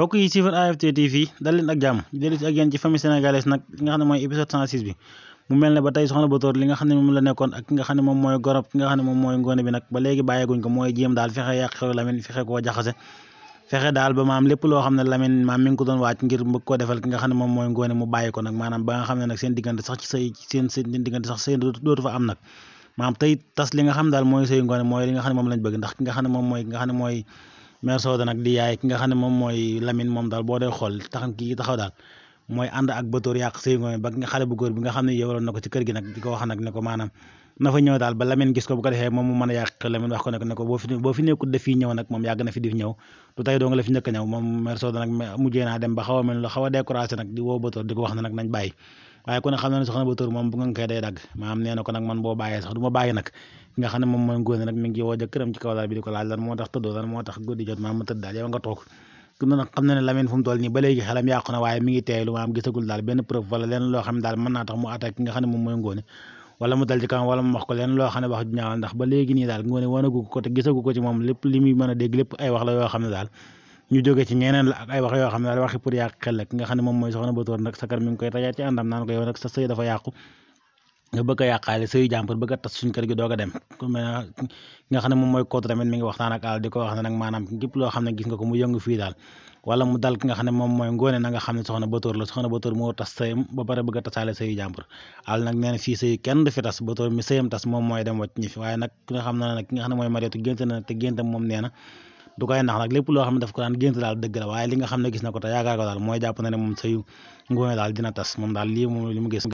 mbokk yi suivre AFT TV dal leen ak jàmm ci famille sénégalaise nag li nga xam ne mooy épisode 106 bi mu mel ba tey soxna Bator li nga xam ne mooy ngoone ko mooy jéem daal fexe yàq xew Lamine fexe koo jaxase fexe daal ba maam lépp loo xam ne Lamine maam mi mu bàyyi ko nag maanaam ba nga xam ne nag seen diggante sax ci sëy seen diggante sax sëy dootu fa am nag maam tey tas li nga xam daal mooy sëy ngoone mooy li nga xam ne moom lañ bëgg ndax ki nga xam ne moom mooy mère Sooda nag di yaay ki nga xam ne moom mooy Lamine moom daal boo dee xool taxam a taxaw daal mooy ànd ak bëtóor yàq sëy ngooñ ba nga xale bu góor bi nga xam ne yowaloon na ko ci kër gi nag di ko wax nag ne ko maanaam ba Lamine gis ko a yàq ne ko boo fi ñëw nag moom yàgg na fi di ñëw du tey doo nga la fi njëkk ñëw moom mère Sooda nag mujjee naa dem ba xaw a mel la xaw a découragé nag di woo bëtóor di ko wax ne nag nañ bàyyi waaye ku ne xam na ne soxna ba tóor moom bu ngeen koy day dagg maanaam nee na ko nag man boo bàyyee sax du ma bàyyi nag xam ne moom mooy ngóone nag xelam yàqu na waaye mi ngi maam gisagul daal benn preuve wala loo xam ne daal mën naa tax mu attaque ki xam ne moom mooy wala mu dal ci wala mu wax ko lenn loo xam ne wax nii daal ngóone wanagu ko te gisagu ko ci moom lépp li muy mën a dégg lépp ay wax la yoo xam ne daal ñu jóge ci ñeneen la ak ay wax yoo xam ne daal waxi pour yàq xel xam ne moom mooy soxna Bator nag sakar mi koy tajaat ci àndam naan ko yow nag sa sëy dafa a yàqaale sëy jàmbur bëgg a tas suñ kër gi doog tamit mi waxtaan ak àll di ko wax ne nag maanaam ki nga xam ne moom mooy ngóone soxna Bator la soxna tas sëyam ba pare bëgg a tasaale sëyu jàmbur àll nag nee na fii kenn du fi tas mi sëyam tas moom mooy dem wàcc ñi fi waaye nag nga xam ne nag ki nga xam ne mooy Mariatu gént na te du koy nax nag lépp loo xam ne daf ko daan gént daal dëgg la waaye li nga xam ne gis na ko te yaakaar ko daal mooy jàpp na ne moom sëyu dina tas moom daal lii moom li mu gis